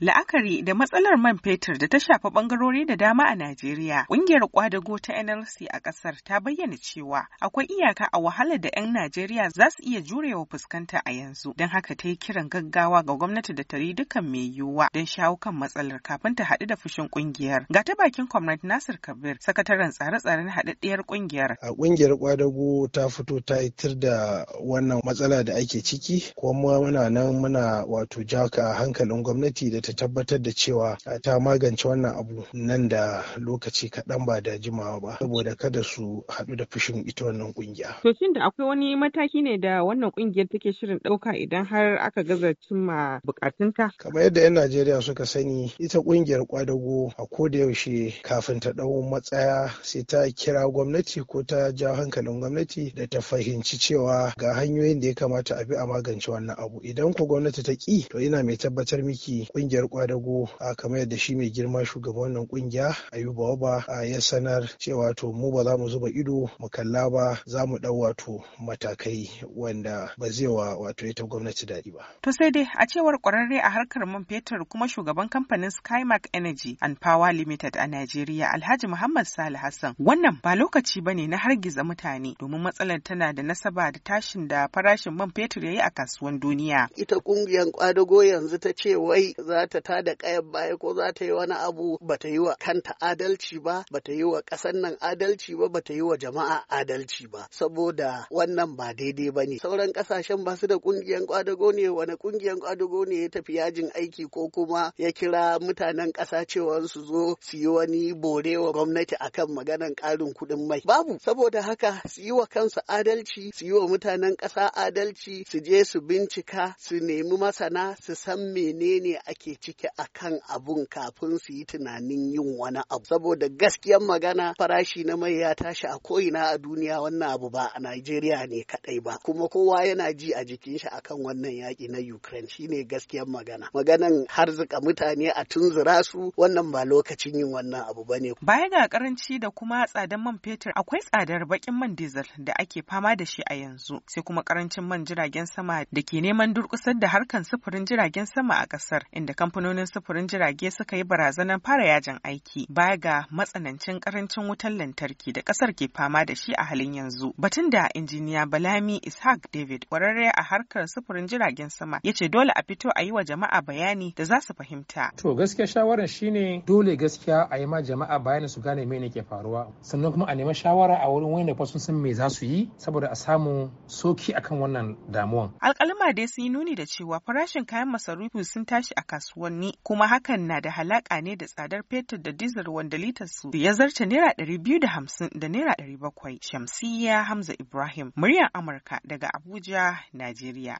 La'akari da matsalar man fetur da ta shafa bangarori da dama a Najeriya, ƙungiyar kwadago ta NLC a ƙasar ta bayyana cewa akwai iyaka a wahalar da 'yan Najeriya za su iya jurewa fuskanta a yanzu, don haka ta yi kiran gaggawa ga gwamnati da ta yi dukan mai yiwuwa don shawo kan matsalar kafin ta haɗu da fushin ƙungiyar. Ga ta bakin Comrade Nasir Kabir, sakataren tsare-tsaren haɗaɗɗiyar ƙungiyar. A ƙungiyar kwadago ta fito ta yi da wannan matsala da ake ciki, kuma muna nan muna wato jaka hankalin gwamnati da ta tabbatar da cewa ta magance wannan abu nan da lokaci kaɗan ba da jimawa ba saboda kada su haɗu da fushin ita wannan ƙungiya. To shin da akwai wani mataki ne da wannan ƙungiyar take shirin ɗauka idan har aka gaza cimma buƙatunta? Kamar yadda 'yan Najeriya suka sani ita ƙungiyar kwadago a ko da yaushe kafin ta ɗau matsaya sai ta kira gwamnati ko ta ja hankalin gwamnati da ta fahimci cewa ga hanyoyin da ya kamata a bi a magance wannan abu idan ko gwamnati ta ƙi to ina mai tabbatar miki ƙungiyar kungiyar kwadago a kamar yadda shi mai girma shugaban wannan kungiya ayuba a ya sanar cewa to mu ba za mu zuba ido mu kalla ba za mu dau wato matakai wanda ba zai wa wato ita gwamnati daɗi ba. To sai dai a cewar kwararre a harkar man fetur kuma shugaban kamfanin Skymark Energy and Power Limited a Najeriya Alhaji Muhammad Salih Hassan wannan ba lokaci ba ne na hargiza mutane domin matsalar tana da nasaba da tashin da farashin man fetur ya yi a kasuwan duniya. Ita kungiyar kwadago yanzu ta ce wai za ta ta da kayan baya ko za ta yi wani abu ba ta yi wa kanta adalci ba ba ta yi wa ƙasar nan adalci ba ba ta yi wa jama'a adalci ba saboda wannan ba daidai ba ne sauran ƙasashen ba su da ƙungiyar ƙwadago ne wani ƙungiyar ƙwadago ne ya tafi yajin aiki ko kuma ya kira mutanen ƙasa cewa su zo su yi wani bore wa gwamnati akan maganan ƙarin kuɗin mai babu saboda haka su yi wa kansu adalci su yi wa mutanen ƙasa adalci su je su bincika su nemi masana su san menene ake ake ciki akan abun kafin su yi tunanin yin wani abu saboda gaskiyar magana farashi na mai ya tashi a ko'ina a duniya wannan abu ba a Najeriya ne kadai ba kuma kowa yana ji a jikin shi akan wannan yaki na Ukraine shine gaskiyar magana maganan harzika mutane a tunzura su wannan ba lokacin yin wannan abu bane baya ga karanci da kuma tsadar man fetur akwai tsadar bakin man diesel da ake fama da shi a yanzu sai kuma karancin man jiragen sama da ke neman durkusar da harkan sufurin jiragen sama a kasar inda kamfanonin sufurin jirage suka yi barazanar fara yajin aiki baya ga matsanancin karancin wutar lantarki da kasar ke fama da shi a halin yanzu batun da injiniya balami ishaq david kwararre a harkar sufurin jiragen sama ya ce dole a fito a yi wa jama'a bayani da za su fahimta to gaskiya shawarar shine dole gaskiya a yi ma jama'a bayani su gane mene ke faruwa sannan kuma a nemi shawara a wurin wani da sun san me za su yi saboda a samu soki akan wannan damuwan alƙaluma dai sun yi nuni da cewa farashin kayan masarufi sun tashi a kasuwa kasuwanni kuma hakan na da halaka ne da tsadar fetur da dizar wanda litar su ya zarta naira ɗari biyu da hamsin da naira ɗari bakwai. Shamsiyya Hamza Ibrahim, muryar Amurka daga Abuja, Najeriya.